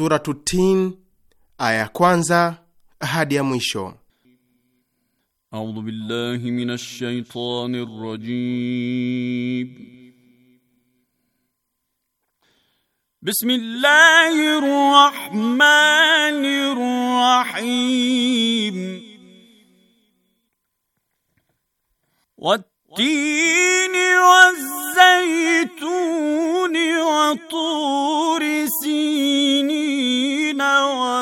Suratu Tin aya ya kwanza hadi ya mwisho. A'udhu billahi minash shaitanir rajim. Bismillahir rahmanir rahim. والتين والزيتون وطور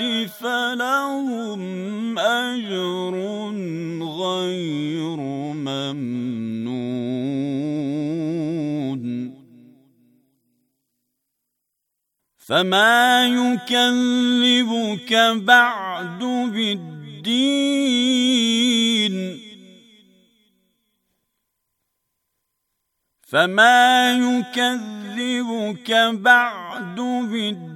فلهم أجر غير ممنون فما يكذبك بعد بالدين فما يكذبك بعد بالدين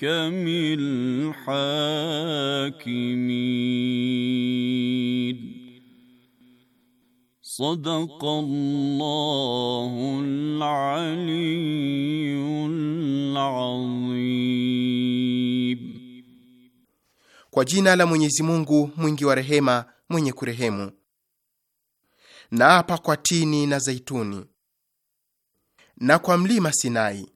Kwa jina la Mwenyezi Mungu mwingi wa rehema mwenye kurehemu. Na hapa kwa tini na zaituni na kwa mlima Sinai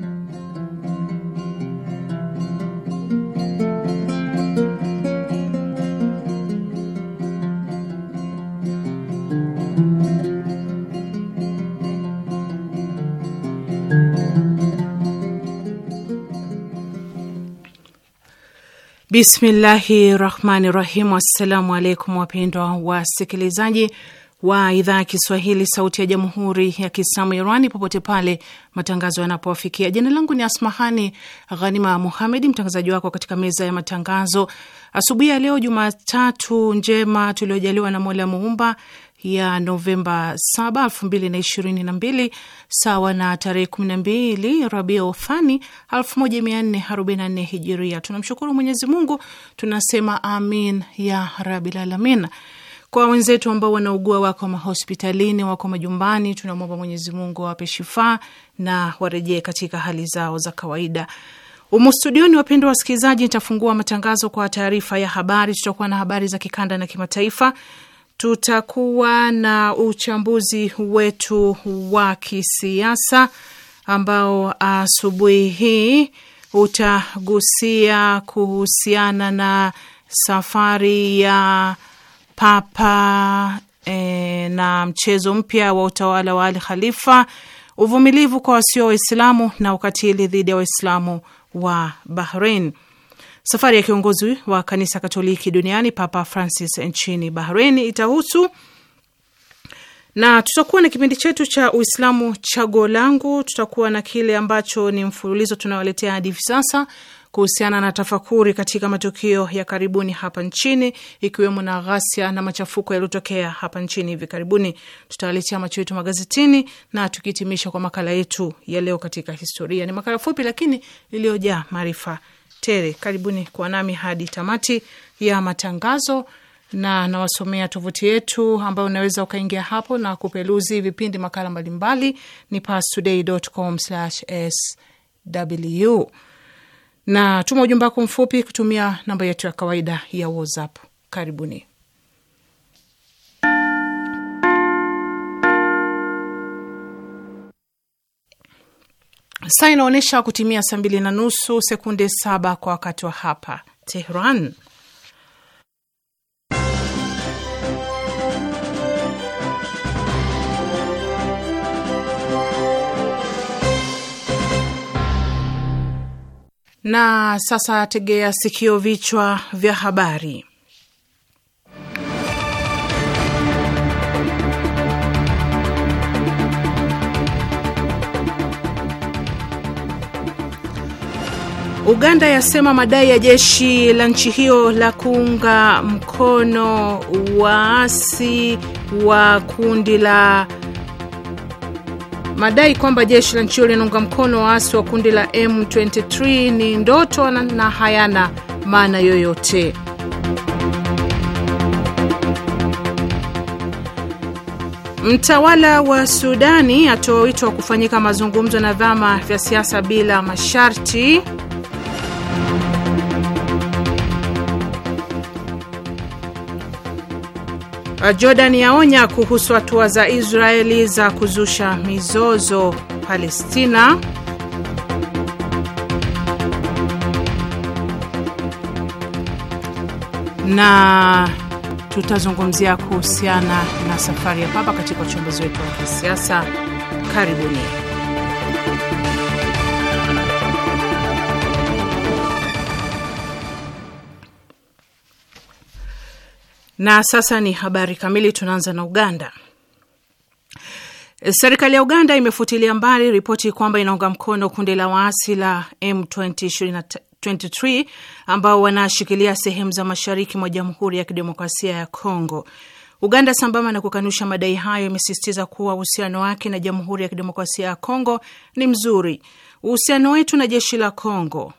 Bismillahi rahmani rahim. Assalamu alaikum wapendwa wasikilizaji wa idhaa ya Kiswahili sauti ya jamhuri ya Kiislamu Irani popote pale matangazo yanapowafikia. Jina langu ni Asmahani Ghanima Muhamedi, mtangazaji wako katika meza ya matangazo asubuhi ya leo Jumatatu njema tuliojaliwa na Mola Muumba, ya Novemba 7, 2022 sawa na tarehe 12 Rabia Uthani 1444 Hijiria. Tunamshukuru Mwenyezi Mungu, tunasema amin ya rabil alamin. Kwa wenzetu ambao wanaugua, wako mahospitalini, wako majumbani, tunamwomba Mwenyezi Mungu awape shifaa na warejee katika hali zao za kawaida. Umu studioni, wapendwa wasikilizaji, nitafungua matangazo kwa taarifa ya habari. Tutakuwa na habari za kikanda na kimataifa tutakuwa na uchambuzi wetu wa kisiasa ambao asubuhi hii utagusia kuhusiana na safari ya Papa e, na mchezo mpya wa utawala wa Al Khalifa, uvumilivu kwa wasio Waislamu na ukatili dhidi ya Waislamu wa Bahrain. Safari ya kiongozi wa kanisa Katoliki duniani Papa Francis nchini Bahrain itahusu na tutakuwa na kipindi chetu cha Uislamu chaguo langu. Tutakuwa na kile ambacho ni mfululizo tunaoletea hadi hivi sasa kuhusiana na tafakuri katika matukio ya karibuni hapa nchini, ikiwemo na ghasia na machafuko yaliyotokea hapa nchini hivi karibuni. Tutawaletea macho yetu magazetini na tukihitimisha kwa makala yetu ya leo katika historia. Ni makala fupi lakini iliyojaa maarifa tere. Karibuni kwa nami hadi tamati ya matangazo, na nawasomea tovuti yetu ambayo unaweza ukaingia hapo na kupeluzi vipindi, makala mbalimbali ni pastoday.com/sw, na tuma ujumbe wako mfupi kutumia namba yetu ya kawaida ya WhatsApp. Karibuni. Saa inaonyesha kutimia saa mbili na nusu sekunde saba kwa wakati wa hapa Tehran. Na sasa tegea sikio, vichwa vya habari. Uganda yasema madai ya jeshi la nchi hiyo la kuunga mkono waasi wa kundi la madai kwamba jeshi la nchi hiyo linaunga mkono waasi wa kundi la M23 ni ndoto na hayana maana yoyote. Mtawala wa Sudani atoa wito wa kufanyika mazungumzo na vyama vya siasa bila masharti. Jordan yaonya kuhusu hatua za Israeli za kuzusha mizozo Palestina. Na tutazungumzia kuhusiana na safari ya Papa katika uchambuzi wetu wa kisiasa. Karibuni. Na sasa ni habari kamili. Tunaanza na Uganda. Serikali ya Uganda imefutilia mbali ripoti kwamba inaunga mkono kundi la waasi la M23 ambao wanashikilia sehemu za mashariki mwa Jamhuri ya Kidemokrasia ya Kongo. Uganda, sambamba na kukanusha madai hayo, imesisitiza kuwa uhusiano wake na Jamhuri ya Kidemokrasia ya Kongo ni mzuri. Uhusiano wetu na jeshi la Kongo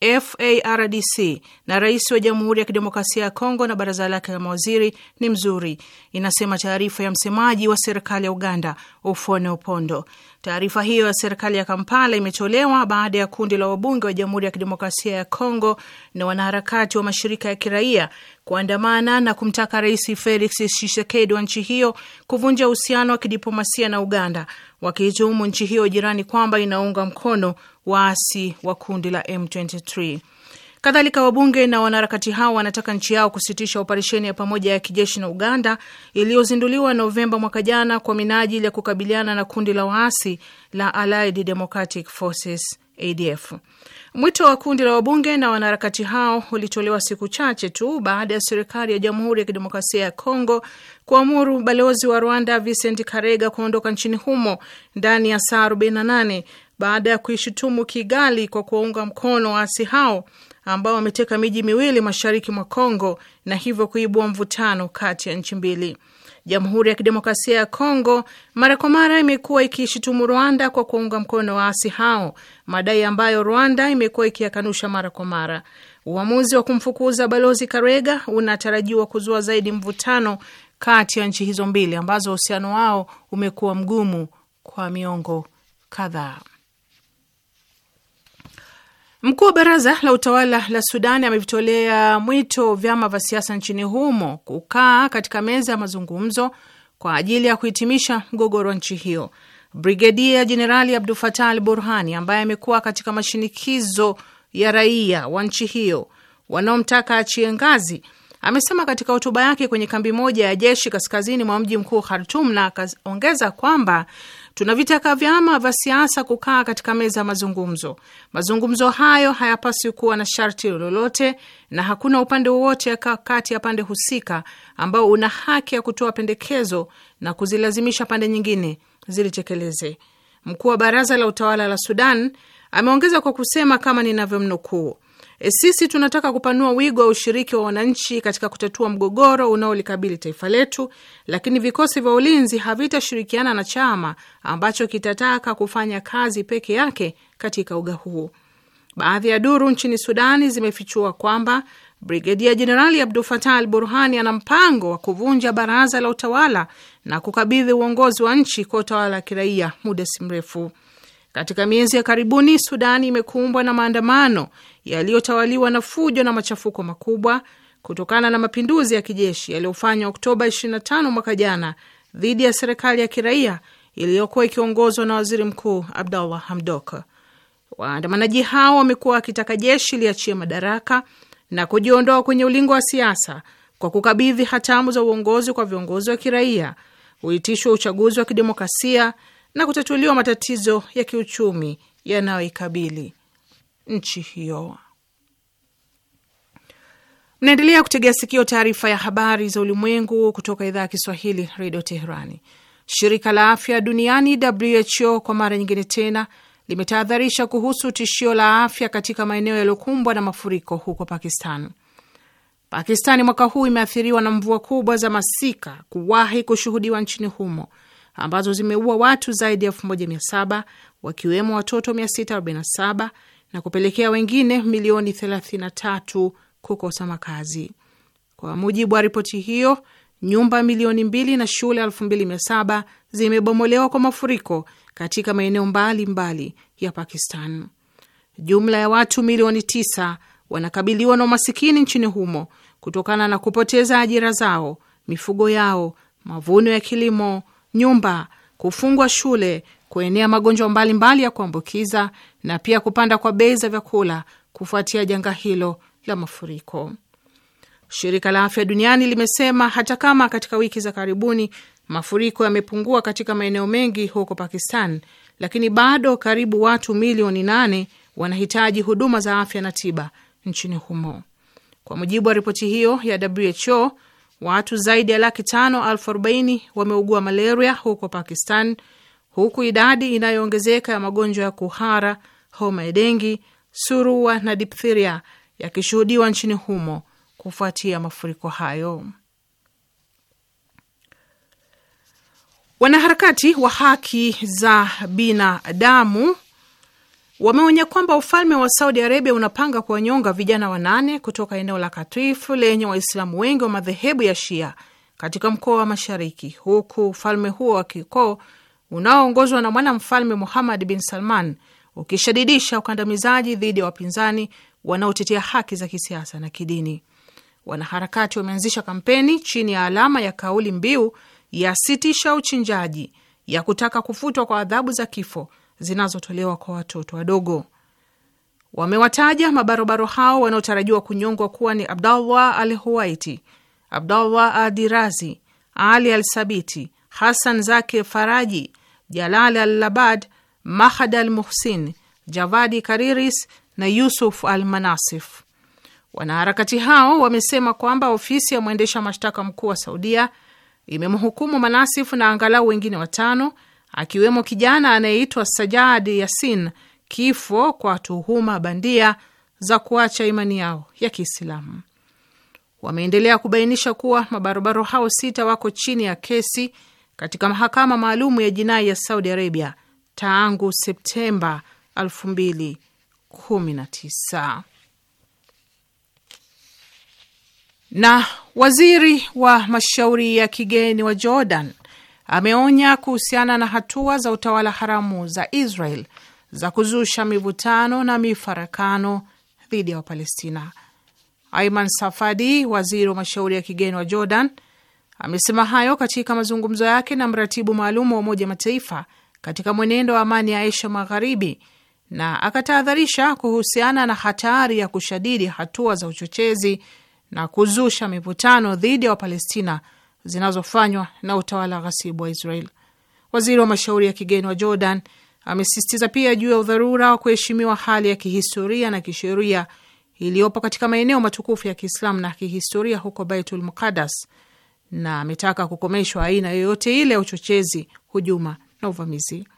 FARDC na rais wa Jamhuri ya Kidemokrasia ya Kongo na baraza lake la mawaziri ni mzuri, inasema taarifa ya msemaji wa serikali ya Uganda, ufone Opondo. Taarifa hiyo ya serikali ya Kampala imetolewa baada ya kundi la wabunge wa Jamhuri ya Kidemokrasia ya Kongo na wanaharakati wa mashirika ya kiraia kuandamana na kumtaka Rais Felix Tshisekedi wa nchi hiyo kuvunja uhusiano wa kidiplomasia na Uganda, wakiituhumu nchi hiyo jirani kwamba inaunga mkono waasi wa kundi la M23. Kadhalika, wabunge na wanaharakati hao wanataka nchi yao kusitisha operesheni ya pamoja ya kijeshi na Uganda iliyozinduliwa Novemba mwaka jana kwa minajili ya kukabiliana na kundi la waasi la Allied Democratic Forces ADF. Mwito wa kundi la wabunge na wanaharakati hao ulitolewa siku chache tu baada ya serikali ya Jamhuri ya Kidemokrasia ya Kongo kuamuru balozi wa Rwanda Vincent Karega kuondoka nchini humo ndani ya saa 48 baada ya kuishutumu Kigali kwa kuwaunga mkono waasi hao ambao wameteka miji miwili mashariki mwa Kongo na hivyo kuibua mvutano kati ya nchi mbili. Jamhuri ya Kidemokrasia ya Kongo mara kwa mara imekuwa ikiishutumu Rwanda kwa kuwaunga mkono waasi hao, madai ambayo Rwanda imekuwa ikiyakanusha mara kwa mara. Uamuzi wa kumfukuza balozi Karega unatarajiwa kuzua zaidi mvutano kati ya nchi hizo mbili ambazo uhusiano wao umekuwa mgumu kwa miongo kadhaa. Mkuu wa baraza la utawala la Sudani amevitolea mwito vyama vya siasa nchini humo kukaa katika meza ya mazungumzo kwa ajili ya kuhitimisha mgogoro wa nchi hiyo. Brigedia Jenerali Abdul Fatah Al Burhani, ambaye amekuwa katika mashinikizo ya raia wa nchi hiyo wanaomtaka achie ngazi, amesema katika hotuba yake kwenye kambi moja ya jeshi kaskazini mwa mji mkuu Khartum, na akaongeza kwamba Tunavitaka vyama vya siasa kukaa katika meza ya mazungumzo. Mazungumzo hayo hayapaswi kuwa na sharti lolote, na hakuna upande wowote kati ya pande husika ambao una haki ya kutoa pendekezo na kuzilazimisha pande nyingine zilitekeleze. Mkuu wa baraza la utawala la Sudan ameongeza kwa kusema kama ninavyomnukuu E, sisi tunataka kupanua wigo wa ushiriki wa wananchi katika kutatua mgogoro unaolikabili taifa letu, lakini vikosi vya ulinzi havitashirikiana na chama ambacho kitataka kufanya kazi peke yake katika uga huu. Baadhi ya duru nchini Sudani zimefichua kwamba Brigedia Jenerali Abdul Fatah Al Burhani ana mpango wa kuvunja baraza la utawala na kukabidhi uongozi wa nchi kwa utawala wa kiraia muda si mrefu. Katika miezi ya karibuni, Sudani imekumbwa na maandamano yaliyotawaliwa na fujo na machafuko makubwa kutokana na mapinduzi ya kijeshi yaliyofanywa Oktoba 25 mwaka jana dhidi ya serikali ya kiraia iliyokuwa ikiongozwa na waziri mkuu Abdallah Hamdok. Waandamanaji hao wamekuwa wakitaka jeshi liachie madaraka na kujiondoa kwenye ulingo wa siasa kwa kukabidhi hatamu za uongozi kwa viongozi wa kiraia, uitishwa uchaguzi wa kidemokrasia na kutatuliwa matatizo ya kiuchumi yanayoikabili nchi hiyo. Mnaendelea kutegea sikio taarifa ya habari za ulimwengu kutoka idhaa ya Kiswahili redio Teherani. Shirika la afya duniani WHO kwa mara nyingine tena limetahadharisha kuhusu tishio la afya katika maeneo yaliyokumbwa na mafuriko huko Pakistan. Pakistani mwaka huu imeathiriwa na mvua kubwa za masika kuwahi kushuhudiwa nchini humo ambazo zimeua watu zaidi ya 1700 wakiwemo watoto 647 na kupelekea wengine milioni 33 kukosa makazi. Kwa mujibu wa ripoti hiyo, nyumba milioni mbili na shule 2700 zimebomolewa kwa mafuriko katika maeneo mbalimbali ya Pakistan. Jumla ya watu milioni 9 wanakabiliwa na umasikini nchini humo kutokana na kupoteza ajira zao, mifugo yao, mavuno ya kilimo nyumba, kufungwa shule, kuenea magonjwa mbalimbali ya kuambukiza na pia kupanda kwa bei za vyakula kufuatia janga hilo la mafuriko. Shirika la Afya Duniani limesema hata kama katika wiki za karibuni mafuriko yamepungua katika maeneo mengi huko Pakistan, lakini bado karibu watu milioni nane wanahitaji huduma za afya na tiba nchini humo. Kwa mujibu wa ripoti hiyo ya WHO, Watu zaidi ya laki tano elfu arobaini wameugua malaria huko Pakistan, huku idadi inayoongezeka ya magonjwa ya kuhara, homa ya dengi, surua na diphtheria yakishuhudiwa nchini humo kufuatia mafuriko hayo. Wanaharakati wa haki za binadamu wameonya kwamba ufalme wa Saudi Arabia unapanga kuwanyonga vijana wanane kutoka eneo la Katifu lenye Waislamu wengi wa madhehebu ya Shia katika mkoa wa Mashariki, huku ufalme huo wa kikoo unaoongozwa na mwanamfalme Muhammad bin Salman ukishadidisha ukandamizaji dhidi ya wapinzani wanaotetea haki za kisiasa na kidini. Wanaharakati wameanzisha kampeni chini ya alama ya kauli mbiu ya sitisha uchinjaji, ya kutaka kufutwa kwa adhabu za kifo zinazotolewa kwa watoto wadogo. Wamewataja mabarobaro hao wanaotarajiwa kunyongwa kuwa ni Abdallah al Huwaiti, Abdallah Adirazi, Ali al Sabiti, Hasan zake Faraji, Jalal al Labad, Mahad al Muhsin, Javadi Kariris na Yusuf al Manasif. Wanaharakati hao wamesema kwamba ofisi ya mwendesha mashtaka mkuu wa Saudia imemhukumu Manasif na angalau wengine watano akiwemo kijana anayeitwa sajad Yasin kifo kwa tuhuma bandia za kuacha imani yao ya Kiislamu. Wameendelea kubainisha kuwa mabarobaro hao sita wako chini ya kesi katika mahakama maalum ya jinai ya Saudi Arabia tangu Septemba 2019. Na waziri wa mashauri ya kigeni wa Jordan ameonya kuhusiana na hatua za utawala haramu za Israel za kuzusha mivutano na mifarakano dhidi ya Wapalestina. Aiman Safadi, waziri wa mashauri ya kigeni wa Jordan, amesema hayo katika mazungumzo yake na mratibu maalum wa Umoja Mataifa katika mwenendo wa amani ya Asia Magharibi, na akatahadharisha kuhusiana na hatari ya kushadidi hatua za uchochezi na kuzusha mivutano dhidi ya Wapalestina zinazofanywa na utawala ghasibu wa Israel. Waziri wa mashauri ya kigeni wa Jordan amesisitiza pia juu ya udharura wa kuheshimiwa hali ya kihistoria na kisheria iliyopo katika maeneo matukufu ya Kiislamu na kihistoria huko Baitul Muqaddas, na ametaka kukomeshwa aina yoyote ile ya uchochezi, hujuma na uvamizi.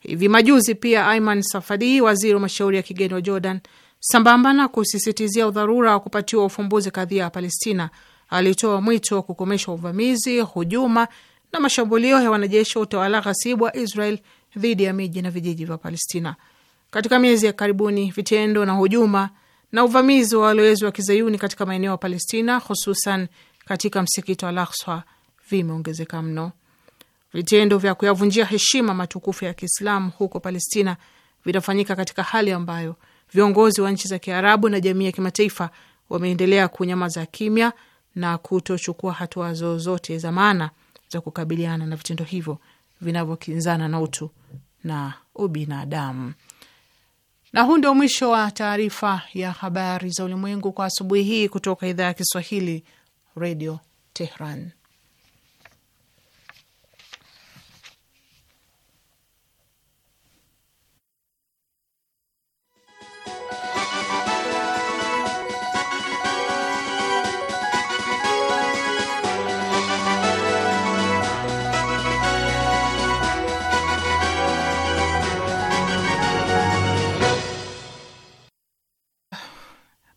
Hivi majuzi pia Ayman Safadi, waziri wa mashauri ya kigeni wa Jordan, sambamba na kusisitizia udharura wa kupatiwa ufumbuzi kadhia ya Palestina, alitoa mwito wa kukomesha uvamizi, hujuma na mashambulio ya wanajeshi wa utawala ghasibu wa Israel dhidi ya miji na vijiji vya Palestina. Katika miezi ya karibuni, vitendo na hujuma na uvamizi wa walowezi wa kizayuni katika maeneo ya Palestina, hususan katika msikiti wa Al-Aqsa vimeongezeka mno. Vitendo vya kuyavunjia heshima matukufu ya Kiislamu huko Palestina vinafanyika katika hali ambayo viongozi wa nchi za Kiarabu na jamii ya kimataifa wameendelea kunyamaza kimya na kutochukua hatua zozote za maana za kukabiliana na vitendo hivyo vinavyokinzana na utu na ubinadamu. Na huu ndio mwisho wa taarifa ya habari za ulimwengu kwa asubuhi hii kutoka idhaa ya Kiswahili, Redio Tehran.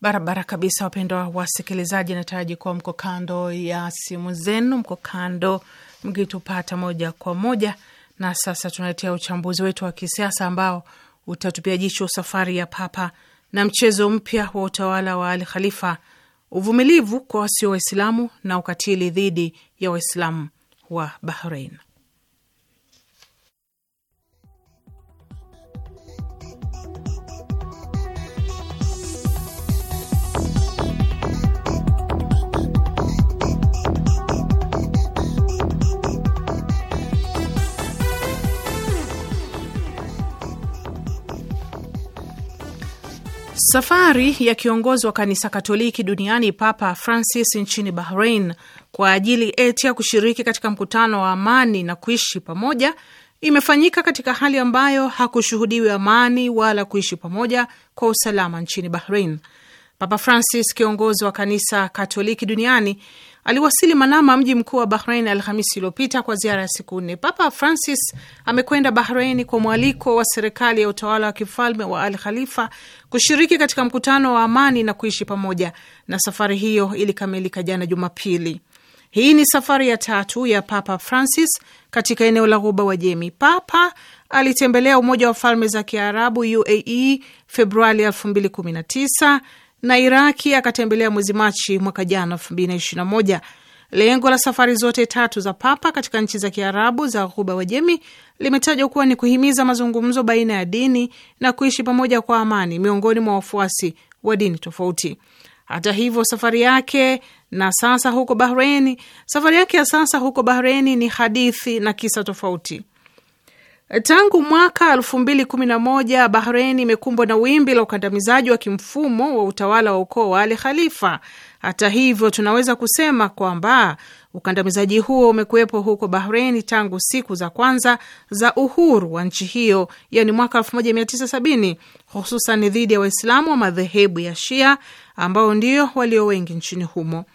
barabara kabisa, wapendwa wasikilizaji, nataraji kuwa mko kando ya simu zenu, mko kando mkitupata moja kwa moja. Na sasa tunaletea uchambuzi wetu wa kisiasa ambao utatupia jicho safari ya Papa na mchezo mpya wa utawala wa Al Khalifa, uvumilivu kwa wasio Waislamu na ukatili dhidi ya Waislamu wa Bahrain. Safari ya kiongozi wa kanisa Katoliki duniani Papa Francis nchini Bahrain kwa ajili eti ya kushiriki katika mkutano wa amani na kuishi pamoja imefanyika katika hali ambayo hakushuhudiwi amani wala kuishi pamoja kwa usalama nchini Bahrain. Papa Francis, kiongozi wa kanisa Katoliki duniani, aliwasili Manama, mji mkuu wa Bahrain, Alhamisi iliyopita kwa ziara ya siku nne. Papa Francis amekwenda Bahrain kwa mwaliko wa serikali ya utawala wa kifalme wa Al Khalifa kushiriki katika mkutano wa amani na kuishi pamoja, na safari hiyo ilikamilika jana Jumapili. Hii ni safari ya tatu ya Papa Francis katika eneo la Ghuba jemi Papa alitembelea Umoja wa Falme za Kiarabu, UAE, Februari 2019 na Iraki akatembelea mwezi Machi mwaka jana 2021. Lengo la safari zote tatu za Papa katika nchi za Kiarabu za Ghuba Wajemi limetajwa kuwa ni kuhimiza mazungumzo baina ya dini na kuishi pamoja kwa amani miongoni mwa wafuasi wa dini tofauti. Hata hivyo safari yake na sasa huko bahreni safari yake ya sasa huko Bahreini ni hadithi na kisa tofauti. Tangu mwaka 2011 Bahrein imekumbwa na wimbi la ukandamizaji wa kimfumo wa utawala wa ukoo wa Ali Khalifa. Hata hivyo, tunaweza kusema kwamba ukandamizaji huo umekuwepo huko Bahrein tangu siku za kwanza za uhuru wa nchi hiyo, yani mwaka 1970, hususan dhidi ya Waislamu wa madhehebu ya Shia ambao ndio walio wengi nchini humo.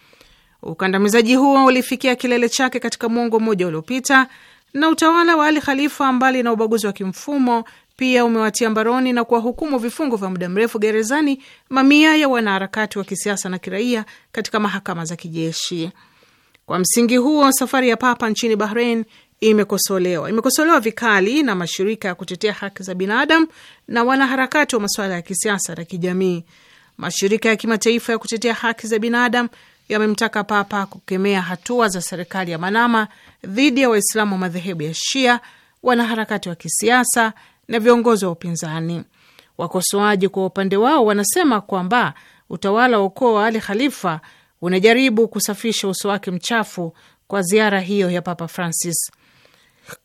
Ukandamizaji huo ulifikia kilele chake katika mwongo mmoja uliopita na utawala wa Ali Khalifa, mbali na ubaguzi wa kimfumo, pia umewatia mbaroni na kuwahukumu vifungo vya muda mrefu gerezani mamia ya wanaharakati wa kisiasa na kiraia katika mahakama za kijeshi. Kwa msingi huo, safari ya Papa nchini Bahrain imekosolewa imekosolewa vikali na mashirika ya kutetea haki za binadamu na wanaharakati wa masuala ya kisiasa na kijamii. Mashirika ya kimataifa ya kutetea haki za binadamu yamemtaka Papa kukemea hatua za serikali ya Manama dhidi ya Waislamu wa madhehebu ya Shia, wanaharakati wa kisiasa na viongozi wa upinzani. Wakosoaji kwa upande wao wanasema kwamba utawala wa ukoo wa Ali Khalifa unajaribu kusafisha uso wake mchafu kwa ziara hiyo ya Papa Francis.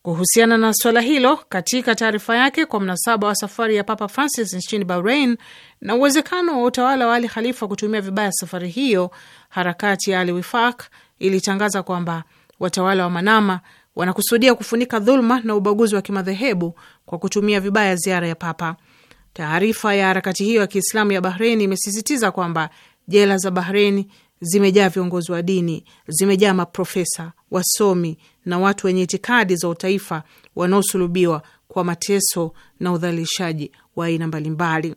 Kuhusiana na swala hilo, katika taarifa yake kwa mnasaba wa safari ya Papa Francis nchini Bahrain na uwezekano wa utawala wa Ali Khalifa kutumia vibaya safari hiyo, harakati ya Al Wifaq ilitangaza kwamba watawala wa Manama wanakusudia kufunika dhuluma na ubaguzi wa kimadhehebu kwa kutumia vibaya ziara ya Papa. Taarifa ya harakati hiyo ya Kiislamu ya Bahrein imesisitiza kwamba jela za Bahrein zimejaa viongozi wa dini, zimejaa maprofesa, wasomi na watu wenye itikadi za utaifa wanaosulubiwa kwa mateso na udhalilishaji wa aina mbalimbali.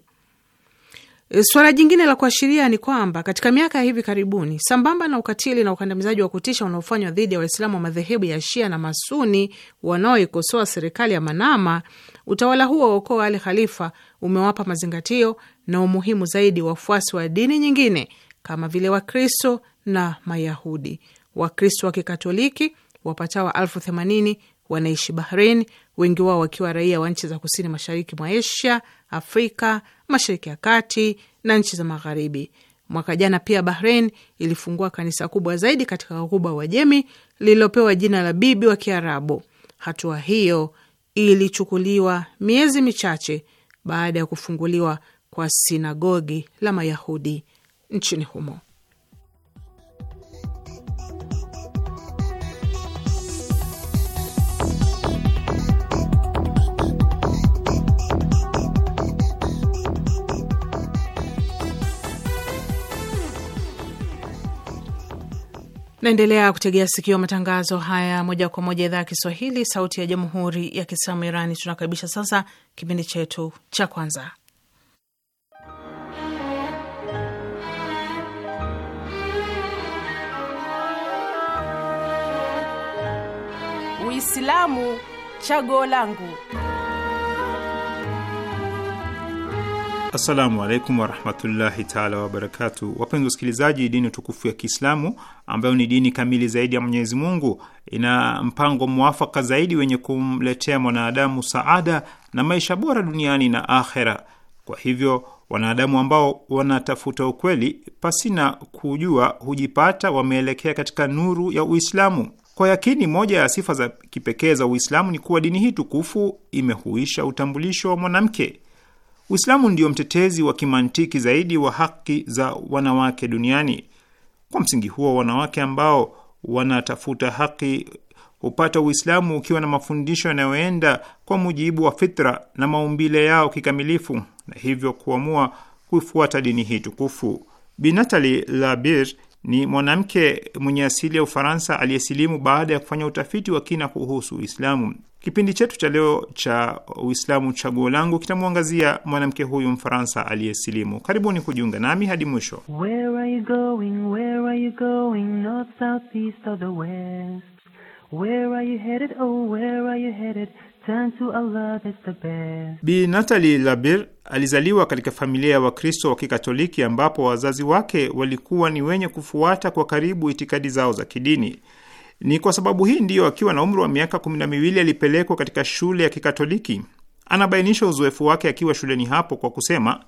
Eh, Swala jingine la kuashiria ni kwamba katika miaka ya hivi karibuni, sambamba na ukatili na ukandamizaji wa kutisha unaofanywa dhidi ya Waislamu wa madhehebu ya Shia na Masuni wanaoikosoa serikali ya Manama, utawala huo wa ukoo wa Ali Khalifa umewapa mazingatio na umuhimu zaidi wafuasi wa dini nyingine kama vile Wakristo na Mayahudi. Wakristo wa Kikatoliki wapatao elfu themanini wanaishi Bahrein, wengi wao wakiwa raia wa nchi za kusini mashariki mwa Asia Afrika, Mashariki ya Kati na nchi za Magharibi. Mwaka jana pia bahrein ilifungua kanisa kubwa zaidi katika Ghuba jemi lililopewa jina la Bibi wa Kiarabu. Hatua hiyo ilichukuliwa miezi michache baada ya kufunguliwa kwa sinagogi la Mayahudi nchini humo. Naendelea kutegea sikio matangazo haya moja kwa moja idhaa ya Kiswahili, sauti ya jamhuri ya kiislamu Irani. Tunakaribisha sasa kipindi chetu cha kwanza, Uislamu Chaguo Langu. Assalamu alaikum warahmatullahi taala wabarakatu. Wapenzi wasikilizaji, dini tukufu ya Kiislamu ambayo ni dini kamili zaidi ya Mwenyezi Mungu ina mpango mwafaka zaidi wenye kumletea mwanadamu saada na maisha bora duniani na akhera. Kwa hivyo wanadamu ambao wanatafuta ukweli pasina kujua hujipata wameelekea katika nuru ya Uislamu. Kwa yakini, moja ya sifa za kipekee za Uislamu ni kuwa dini hii tukufu imehuisha utambulisho wa mwanamke. Uislamu ndio mtetezi wa kimantiki zaidi wa haki za wanawake duniani. Kwa msingi huo, wanawake ambao wanatafuta haki hupata Uislamu ukiwa na mafundisho yanayoenda kwa mujibu wa fitra na maumbile yao kikamilifu, na hivyo kuamua kuifuata dini hii tukufu. Binatali Labir ni mwanamke mwenye asili ya Ufaransa aliyesilimu baada ya kufanya utafiti wa kina kuhusu Uislamu. Kipindi chetu cha leo cha Uislamu Chaguo Langu kitamwangazia mwanamke huyu Mfaransa aliyesilimu. Karibuni kujiunga nami hadi mwisho. Bi natali Labir alizaliwa katika familia ya Wakristo wa Kikatoliki ambapo wazazi wake walikuwa ni wenye kufuata kwa karibu itikadi zao za kidini. Ni kwa sababu hii ndiyo akiwa na umri wa miaka kumi na miwili alipelekwa katika shule ya Kikatoliki. Anabainisha uzoefu wake akiwa shuleni hapo kwa kusema,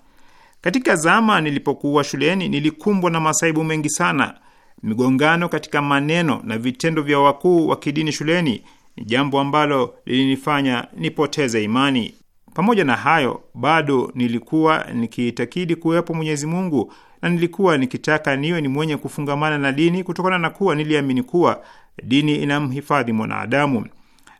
katika zama nilipokuwa shuleni nilikumbwa na masaibu mengi sana, migongano katika maneno na vitendo vya wakuu wa kidini shuleni jambo ambalo lilinifanya nipoteze imani. Pamoja na hayo, bado nilikuwa nikiitakidi kuwepo Mwenyezi Mungu na nilikuwa nikitaka niwe ni mwenye kufungamana na dini kutokana na kuwa niliamini kuwa dini inamhifadhi mwanadamu,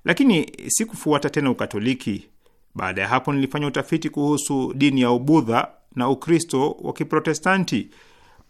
lakini sikufuata tena Ukatoliki. Baada ya hapo, nilifanya utafiti kuhusu dini ya Ubudha na Ukristo wa Kiprotestanti.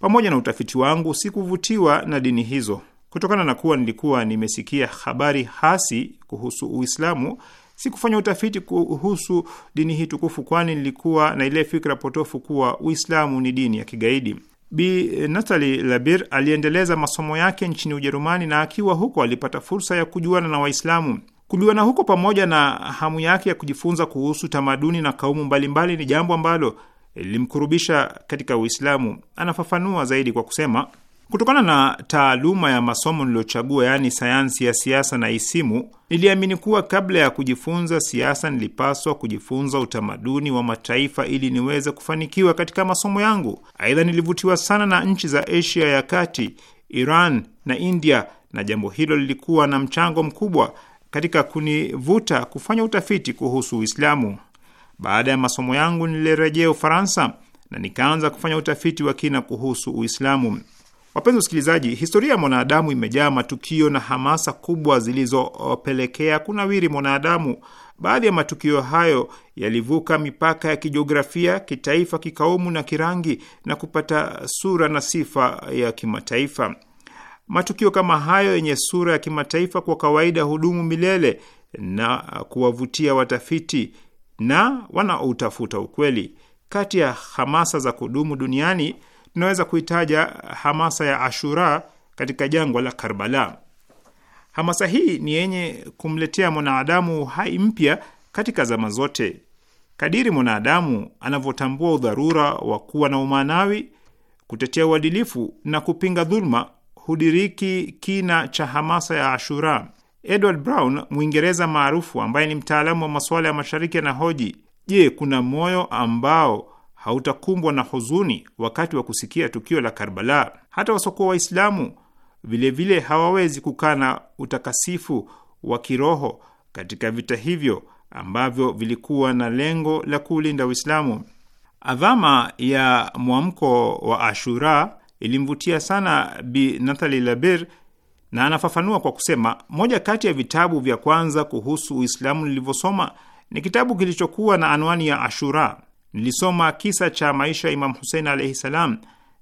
Pamoja na utafiti wangu, sikuvutiwa na dini hizo. Kutokana na kuwa nilikuwa nimesikia habari hasi kuhusu Uislamu, sikufanya utafiti kuhusu dini hii tukufu, kwani nilikuwa na ile fikra potofu kuwa Uislamu ni dini ya kigaidi. Bi Natali Labir aliendeleza masomo yake nchini Ujerumani na akiwa huko alipata fursa ya kujuana na Waislamu. Kujuana huko pamoja na hamu yake ya kujifunza kuhusu tamaduni na kaumu mbalimbali mbali, ni jambo ambalo lilimkurubisha katika Uislamu. Anafafanua zaidi kwa kusema Kutokana na taaluma ya masomo niliyochagua, yaani sayansi ya siasa na isimu, niliamini kuwa kabla ya kujifunza siasa nilipaswa kujifunza utamaduni wa mataifa ili niweze kufanikiwa katika masomo yangu. Aidha, nilivutiwa sana na nchi za Asia ya Kati, Iran na India, na jambo hilo lilikuwa na mchango mkubwa katika kunivuta kufanya utafiti kuhusu Uislamu. Baada ya masomo yangu nilirejea Ufaransa na nikaanza kufanya utafiti wa kina kuhusu Uislamu. Wapenzi wasikilizaji, historia ya mwanadamu imejaa matukio na hamasa kubwa zilizopelekea kunawiri mwanadamu. Baadhi ya matukio hayo yalivuka mipaka ya kijiografia, kitaifa, kikaumu na kirangi na kupata sura na sifa ya kimataifa. Matukio kama hayo yenye sura ya kimataifa kwa kawaida hudumu milele na kuwavutia watafiti na wanaoutafuta ukweli. Kati ya hamasa za kudumu duniani tunaweza kuitaja hamasa ya Ashura katika jangwa la Karbala. Hamasa hii ni yenye kumletea mwanadamu uhai mpya katika zama zote. Kadiri mwanadamu anavyotambua udharura wa kuwa na umaanawi, kutetea uadilifu na kupinga dhuluma, hudiriki kina cha hamasa ya Ashura. Edward Brown, Mwingereza maarufu ambaye ni mtaalamu wa masuala ya mashariki, anahoji: Je, kuna moyo ambao hautakumbwa na huzuni wakati wa kusikia tukio la Karbala. Hata wasokuwa Waislamu vilevile hawawezi kukana utakasifu wa kiroho katika vita hivyo ambavyo vilikuwa na lengo la kuulinda Uislamu. Adhama ya mwamko wa Ashura ilimvutia sana Bi Nathali Labir, na anafafanua kwa kusema, moja kati ya vitabu vya kwanza kuhusu Uislamu nilivyosoma ni kitabu kilichokuwa na anwani ya Ashura nilisoma kisa cha maisha ya Imam Husein alaihi salam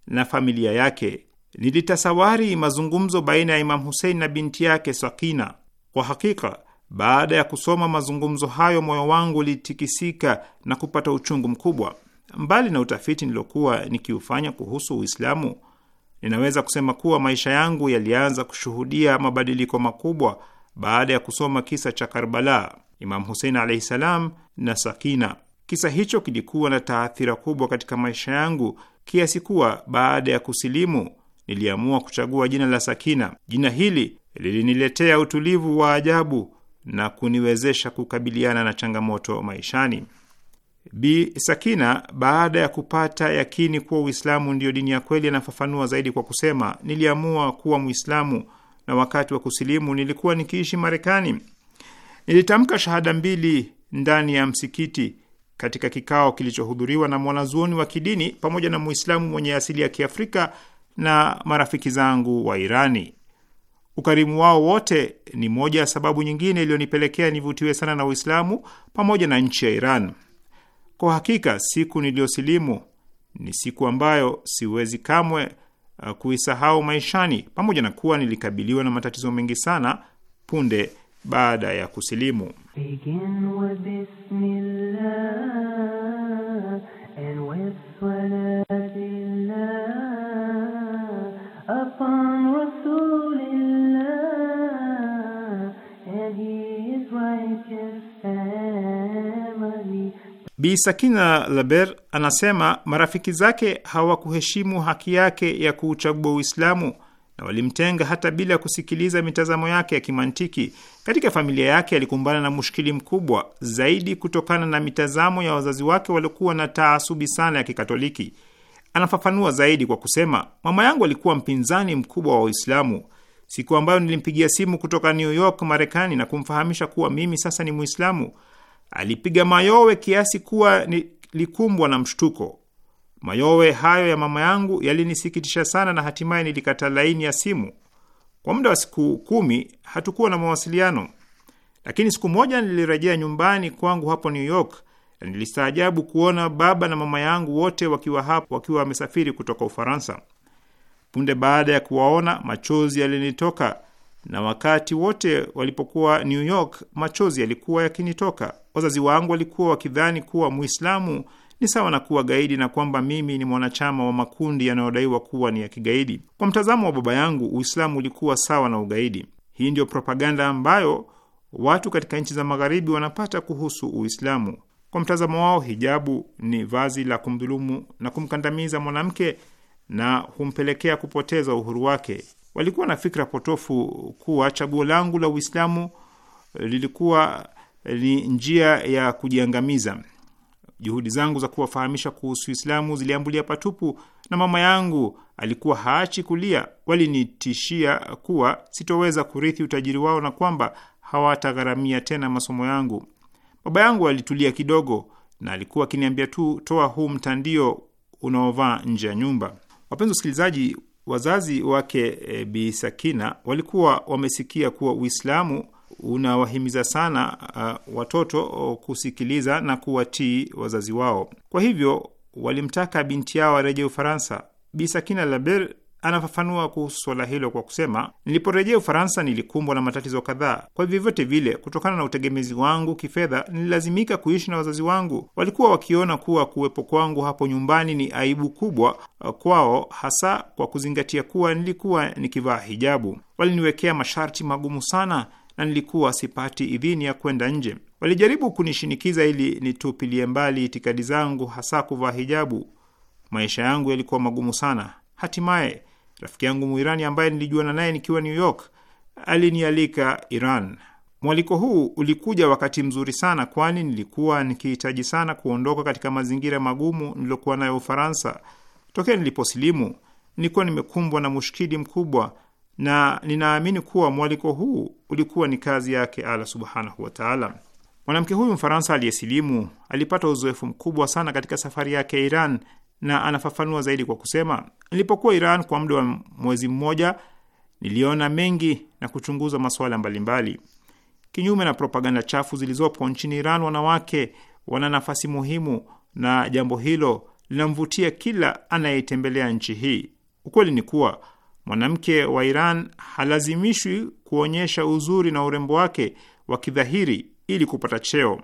na familia yake. Nilitasawari mazungumzo baina ya Imam Husein na binti yake Sakina. Kwa hakika, baada ya kusoma mazungumzo hayo, moyo wangu ulitikisika na kupata uchungu mkubwa. Mbali na utafiti niliokuwa nikiufanya kuhusu Uislamu, ninaweza kusema kuwa maisha yangu yalianza kushuhudia mabadiliko makubwa baada ya kusoma kisa cha Karbala, Imam Husein alaihi salam na Sakina. Kisa hicho kilikuwa na taathira kubwa katika maisha yangu kiasi kuwa baada ya kusilimu niliamua kuchagua jina la Sakina. Jina hili liliniletea utulivu wa ajabu na kuniwezesha kukabiliana na changamoto maishani. Bi Sakina, baada ya kupata yakini kuwa Uislamu ndiyo dini ya kweli, anafafanua zaidi kwa kusema, niliamua kuwa Mwislamu na wakati wa kusilimu nilikuwa nikiishi Marekani. Nilitamka shahada mbili ndani ya msikiti katika kikao kilichohudhuriwa na mwanazuoni wa kidini pamoja na Muislamu mwenye asili ya Kiafrika na marafiki zangu wa Irani. Ukarimu wao wote ni moja ya sababu nyingine iliyonipelekea nivutiwe sana na Uislamu pamoja na nchi ya Iran. Kwa hakika siku niliyosilimu ni siku ambayo siwezi kamwe uh, kuisahau maishani, pamoja na kuwa nilikabiliwa na matatizo mengi sana punde baada ya kusilimu. Bi Sakina Laber anasema marafiki zake hawakuheshimu haki yake ya kuuchagua Uislamu na walimtenga hata bila kusikiliza mitazamo yake ya kimantiki. Katika familia yake alikumbana na mushkili mkubwa zaidi kutokana na mitazamo ya wazazi wake waliokuwa na taasubi sana ya Kikatoliki. Anafafanua zaidi kwa kusema, mama yangu alikuwa mpinzani mkubwa wa uislamu Siku ambayo nilimpigia simu kutoka New York, Marekani, na kumfahamisha kuwa mimi sasa ni Muislamu, alipiga mayowe kiasi kuwa nilikumbwa na mshtuko. Mayowe hayo ya mama yangu yalinisikitisha sana, na hatimaye nilikata laini ya simu. Kwa muda wa siku kumi hatukuwa na mawasiliano, lakini siku moja nilirejea nyumbani kwangu hapo New York na nilistaajabu kuona baba na mama yangu wote wakiwa hapo, wakiwa wamesafiri kutoka Ufaransa. Punde baada ya kuwaona, machozi yalinitoka, na wakati wote walipokuwa New York machozi yalikuwa yakinitoka. Wazazi wangu walikuwa wakidhani kuwa Muislamu ni sawa na kuwa gaidi na kwamba mimi ni mwanachama wa makundi yanayodaiwa kuwa ni ya kigaidi. Kwa mtazamo wa baba yangu, Uislamu ulikuwa sawa na ugaidi. Hii ndiyo propaganda ambayo watu katika nchi za magharibi wanapata kuhusu Uislamu. Kwa mtazamo wao, hijabu ni vazi la kumdhulumu na kumkandamiza mwanamke na humpelekea kupoteza uhuru wake. Walikuwa na fikra potofu kuwa chaguo langu la Uislamu lilikuwa ni njia ya kujiangamiza. Juhudi zangu za kuwafahamisha kuhusu Uislamu ziliambulia patupu, na mama yangu alikuwa haachi kulia. Walinitishia kuwa sitoweza kurithi utajiri wao na kwamba hawatagharamia tena masomo yangu. Baba yangu alitulia kidogo, na alikuwa akiniambia tu, toa huu mtandio unaovaa nje ya nyumba. Wapenzi wasikilizaji, wazazi wake e, Bi Sakina walikuwa wamesikia kuwa Uislamu unawahimiza sana uh, watoto uh, kusikiliza na kuwatii wazazi wao. Kwa hivyo walimtaka binti yao arejee Ufaransa. Bi Sakina Laber anafafanua kuhusu suala hilo kwa kusema, niliporejea Ufaransa nilikumbwa na matatizo kadhaa. Kwa vyovyote vile, kutokana na utegemezi wangu kifedha, nililazimika kuishi na wazazi wangu. Walikuwa wakiona kuwa kuwepo kwangu hapo nyumbani ni aibu kubwa uh, kwao, hasa kwa kuzingatia kuwa nilikuwa nikivaa hijabu. Waliniwekea masharti magumu sana na nilikuwa sipati idhini ya kwenda nje. Walijaribu kunishinikiza ili nitupilie mbali itikadi zangu, hasa kuvaa hijabu. Maisha yangu yalikuwa magumu sana. Hatimaye rafiki yangu Muirani ambaye nilijuana naye nikiwa New York alinialika Iran. Mwaliko huu ulikuja wakati mzuri sana, kwani nilikuwa nikihitaji sana kuondoka katika mazingira magumu niliokuwa nayo Ufaransa. Tokea niliposilimu nilikuwa nimekumbwa na mushikidi mkubwa na ninaamini kuwa mwaliko huu ulikuwa ni kazi yake Allah subhanahu wataala. Mwanamke huyu Mfaransa aliyesilimu alipata uzoefu mkubwa sana katika safari yake ya Iran na anafafanua zaidi kwa kusema, nilipokuwa Iran kwa muda wa mwezi mmoja, niliona mengi na kuchunguza masuala mbalimbali. Kinyume na propaganda chafu zilizopo nchini Iran, wanawake wana nafasi muhimu na jambo hilo linamvutia kila anayeitembelea nchi hii. Ukweli ni kuwa Mwanamke wa Iran halazimishwi kuonyesha uzuri na urembo wake wa kidhahiri ili kupata cheo.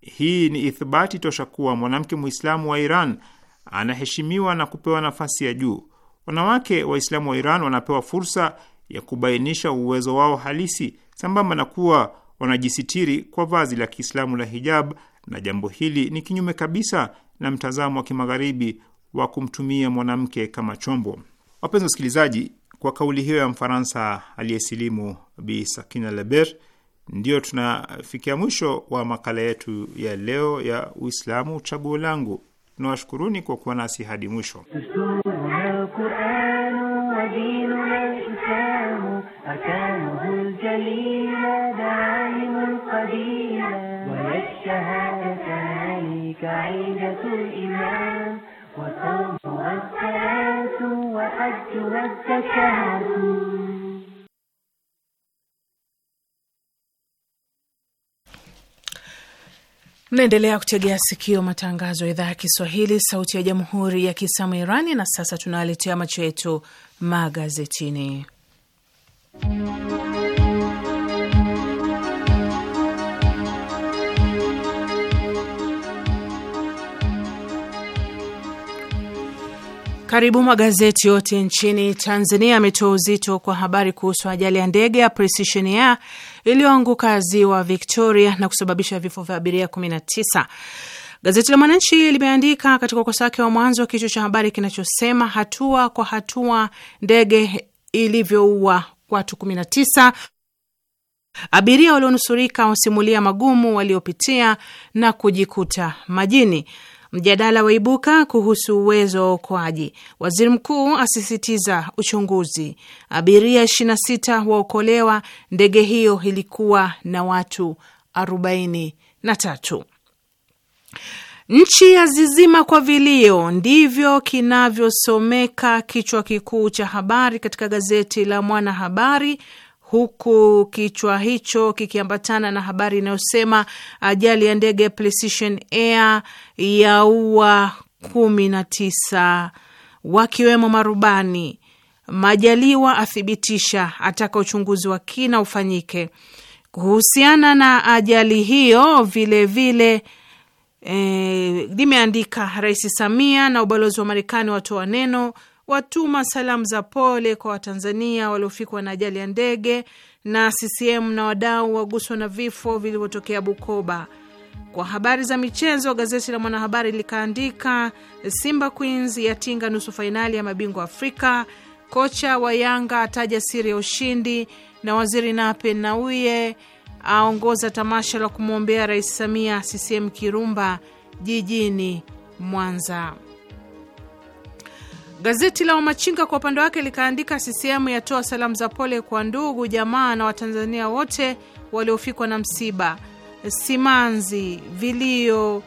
Hii ni ithibati tosha kuwa mwanamke Mwislamu wa Iran anaheshimiwa na kupewa nafasi ya juu. Wanawake Waislamu wa Iran wanapewa fursa ya kubainisha uwezo wao halisi sambamba na kuwa wanajisitiri kwa vazi la Kiislamu la hijab, na jambo hili ni kinyume kabisa na mtazamo wa kimagharibi wa kumtumia mwanamke kama chombo. Wapenzi wasikilizaji, kwa kauli hiyo ya Mfaransa aliyesilimu Bi Sakina Lebert, ndiyo tunafikia mwisho wa makala yetu ya leo ya Uislamu Chaguo Langu. Tunawashukuruni kwa kuwa nasi hadi mwisho. Naendelea kutegea sikio matangazo ya idhaa ya Kiswahili, sauti ya jamhuri ya kiislamu Irani. Na sasa tunawaletea macho yetu magazetini. Karibu magazeti yote nchini Tanzania ametoa uzito kwa habari kuhusu ajali ya ndege ya Precision Air iliyoanguka ziwa Victoria na kusababisha vifo vya abiria 19. Gazeti la Mwananchi limeandika katika ukurasa wake wa mwanzo kichwa cha habari kinachosema hatua kwa hatua ndege ilivyoua watu 19, abiria walionusurika wasimulia magumu waliopitia na kujikuta majini. Mjadala waibuka kuhusu uwezo wa uokoaji. Waziri mkuu asisitiza uchunguzi. Abiria 26 waokolewa. Ndege hiyo ilikuwa na watu 43. Nchi yazizima kwa vilio, ndivyo kinavyosomeka kichwa kikuu cha habari katika gazeti la Mwanahabari huku kichwa hicho kikiambatana na habari inayosema ajali ya ndege ya Precision Air yaua kumi na tisa wakiwemo marubani. Majaliwa athibitisha ataka uchunguzi wa kina ufanyike kuhusiana na ajali hiyo. Vilevile eh, limeandika vile, e, Rais Samia na ubalozi wa Marekani watoa neno watuma salamu za pole kwa Watanzania waliofikwa na ajali ya ndege, na CCM na wadau waguswa na vifo vilivyotokea Bukoba. Kwa habari za michezo, gazeti la Mwanahabari likaandika Simba Queens yatinga nusu fainali ya mabingwa Afrika, kocha wa Yanga ataja siri ya ushindi, na waziri Nape Nnauye aongoza tamasha la kumwombea Rais Samia CCM Kirumba jijini Mwanza. Gazeti la Wamachinga kwa upande wake likaandika CCM yatoa salamu za pole kwa ndugu jamaa na Watanzania wote waliofikwa na msiba. Simanzi, vilio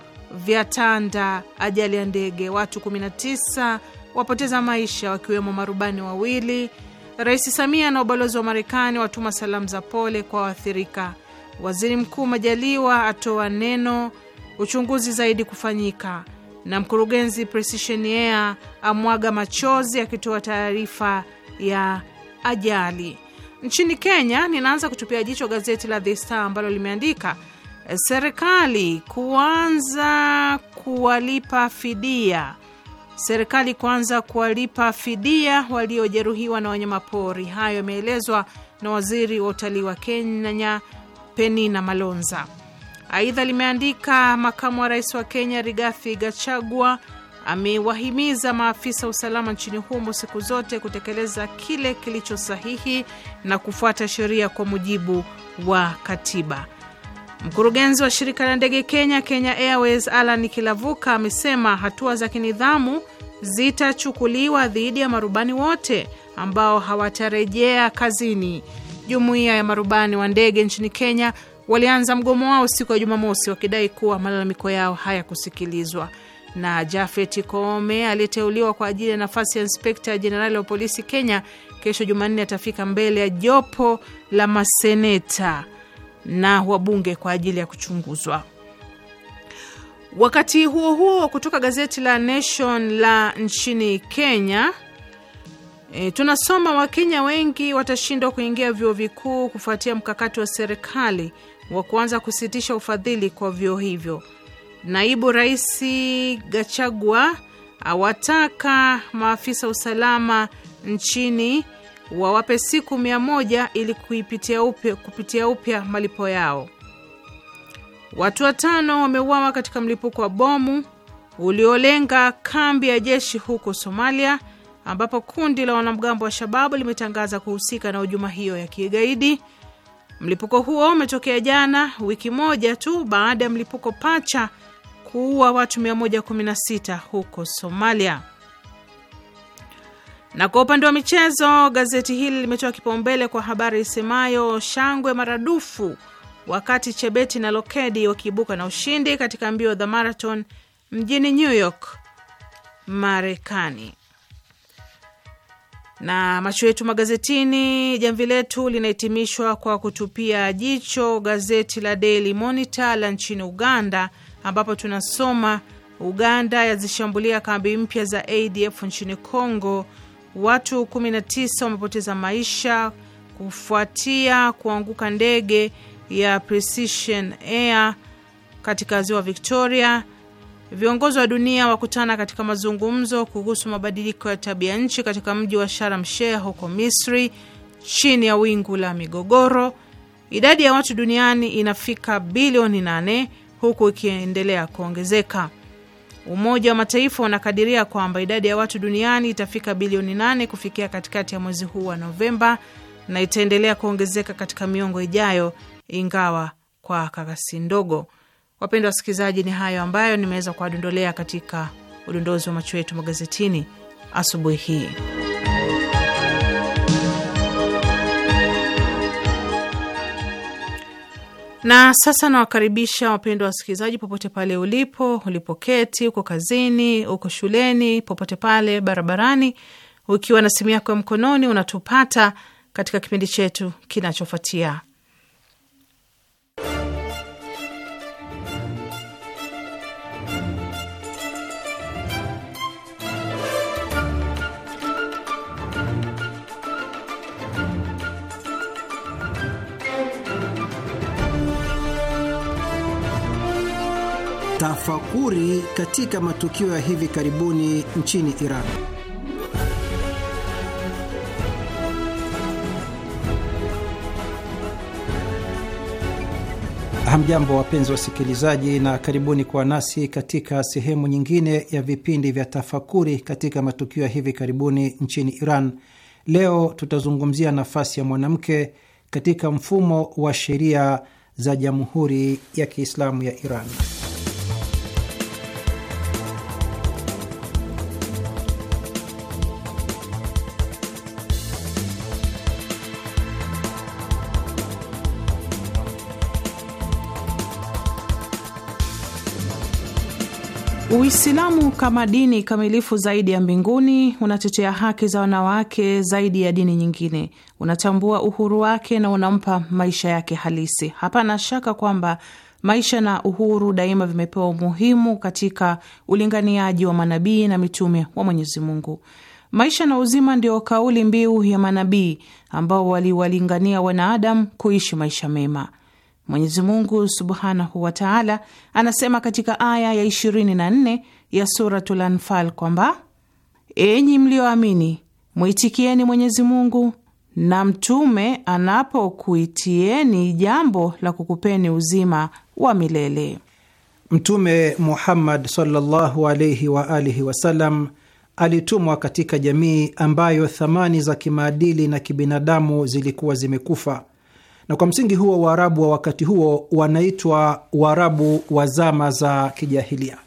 vya tanda ajali ya ndege, watu 19 wapoteza maisha wakiwemo marubani wawili. Rais Samia na ubalozi wa Marekani watuma salamu za pole kwa waathirika. Waziri Mkuu Majaliwa atoa neno, uchunguzi zaidi kufanyika na mkurugenzi Precision Air amwaga machozi akitoa taarifa ya ajali. Nchini Kenya, ninaanza kutupia jicho gazeti la The Star ambalo limeandika serikali kuanza kuwalipa fidia serikali kuanza kuwalipa fidia waliojeruhiwa na wanyamapori. Hayo yameelezwa na waziri wa utalii wa Kenya Penina Malonza. Aidha limeandika makamu wa rais wa Kenya Rigathi Gachagua amewahimiza maafisa wa usalama nchini humo siku zote kutekeleza kile kilicho sahihi na kufuata sheria kwa mujibu wa katiba. Mkurugenzi wa shirika la ndege Kenya, Kenya Airways, Alan Kilavuka amesema hatua za kinidhamu zitachukuliwa dhidi ya marubani wote ambao hawatarejea kazini. Jumuiya ya marubani wa ndege nchini Kenya walianza mgomo wao siku ya Jumamosi wakidai kuwa malalamiko yao hayakusikilizwa. Na Jafet Koome aliyeteuliwa kwa ajili ya nafasi ya inspekta jenerali wa polisi Kenya kesho Jumanne atafika mbele ya jopo la maseneta na wabunge kwa ajili ya kuchunguzwa. Wakati huo huo, kutoka gazeti la Nation la nchini Kenya e, tunasoma Wakenya wengi watashindwa kuingia vyuo vikuu kufuatia mkakati wa serikali wa kuanza kusitisha ufadhili kwa vyuo hivyo. Naibu Rais Gachagua awataka maafisa usalama nchini wawape siku mia moja ili kuipitia upya, kupitia upya malipo yao. Watu watano wameuawa katika mlipuko wa bomu uliolenga kambi ya jeshi huko Somalia, ambapo kundi la wanamgambo wa Shababu limetangaza kuhusika na hujuma hiyo ya kigaidi. Mlipuko huo umetokea jana, wiki moja tu baada ya mlipuko pacha kuua watu 116 huko Somalia. Na kwa upande wa michezo, gazeti hili limetoa kipaumbele kwa habari isemayo shangwe maradufu wakati Chebeti na Lokedi wakiibuka na ushindi katika mbio za marathon mjini New York, Marekani na macho yetu magazetini, jamvi letu linahitimishwa kwa kutupia jicho gazeti la Daily Monitor la nchini Uganda, ambapo tunasoma Uganda yazishambulia kambi mpya za ADF nchini Congo. Watu 19 wamepoteza maisha kufuatia kuanguka ndege ya Precision Air katika ziwa Victoria. Viongozi wa dunia wakutana katika mazungumzo kuhusu mabadiliko ya tabia nchi katika mji wa Sharm El-Sheikh huko Misri, chini ya wingu la migogoro. Idadi ya watu duniani inafika bilioni nane huku ikiendelea kuongezeka. Umoja wa Mataifa unakadiria kwamba idadi ya watu duniani itafika bilioni nane kufikia katikati ya mwezi huu wa Novemba na itaendelea kuongezeka katika miongo ijayo, ingawa kwa kasi ndogo. Wapendwa wasikilizaji, ni hayo ambayo nimeweza kuwadondolea katika udondozi wa macho yetu magazetini asubuhi hii. Na sasa nawakaribisha wapendwa wasikilizaji, popote pale ulipo, ulipoketi, uko kazini, uko shuleni, popote pale barabarani, ukiwa na simu yako ya mkononi, unatupata katika kipindi chetu kinachofuatia tafakuri katika matukio ya hivi karibuni nchini Iran. Hamjambo, wapenzi wasikilizaji, na karibuni kwa nasi katika sehemu nyingine ya vipindi vya tafakuri katika matukio ya hivi karibuni nchini Iran. Leo tutazungumzia nafasi ya mwanamke katika mfumo wa sheria za Jamhuri ya Kiislamu ya Iran. Uislamu kama dini kamilifu zaidi ya mbinguni unatetea haki za wanawake zaidi ya dini nyingine, unatambua uhuru wake na unampa maisha yake halisi. Hapana shaka kwamba maisha na uhuru daima vimepewa umuhimu katika ulinganiaji wa manabii na mitume wa Mwenyezi Mungu. Maisha na uzima ndio kauli mbiu ya manabii ambao waliwalingania wanaadamu kuishi maisha mema. Mwenyezi Mungu subhanahu wa taala anasema katika aya ya 24 ya Suratul Anfal kwamba enyi mlioamini, mwitikieni Mwenyezi Mungu na mtume anapokuitieni jambo la kukupeni uzima wa milele. Mtume Muhammad sallallahu alayhi wa alihi wasallam alitumwa katika jamii ambayo thamani za kimaadili na kibinadamu zilikuwa zimekufa na kwa msingi huo Waarabu wa wakati huo wanaitwa Waarabu wa zama za kijahilia.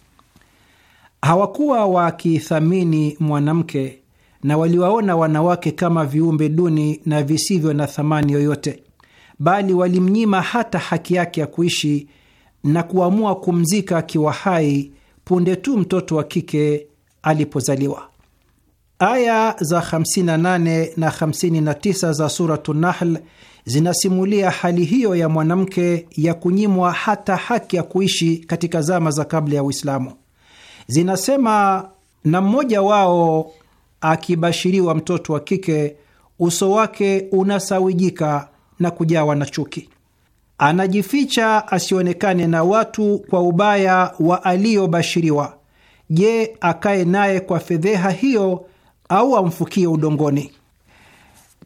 Hawakuwa wakithamini mwanamke na waliwaona wanawake kama viumbe duni na visivyo na thamani yoyote, bali walimnyima hata haki yake ya kuishi na kuamua kumzika akiwa hai punde tu mtoto wa kike alipozaliwa. Aya za 58 na 59 za Suratu Nahl zinasimulia hali hiyo ya mwanamke ya kunyimwa hata haki ya kuishi katika zama za kabla ya Uislamu. Zinasema, na mmoja wao akibashiriwa mtoto wa kike, uso wake unasawijika na kujawa na chuki, anajificha asionekane na watu kwa ubaya wa aliyobashiriwa. Je, akae naye kwa fedheha hiyo au amfukie udongoni?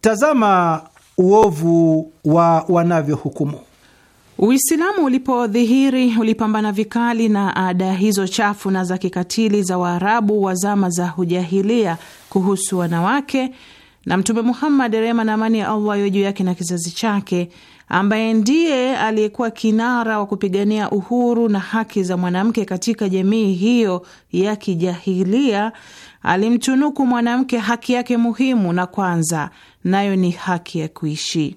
Tazama uovu wa wanavyohukumu. Uislamu ulipodhihiri ulipambana vikali na ada hizo chafu na za kikatili za Waarabu wa zama za hujahilia kuhusu wanawake, na Mtume Muhammad, rehma na amani ya Allah iwe juu yake na kizazi chake, ambaye ndiye aliyekuwa kinara wa kupigania uhuru na haki za mwanamke katika jamii hiyo ya kijahilia alimtunuku mwanamke haki yake muhimu na kwanza, nayo ni haki ya kuishi.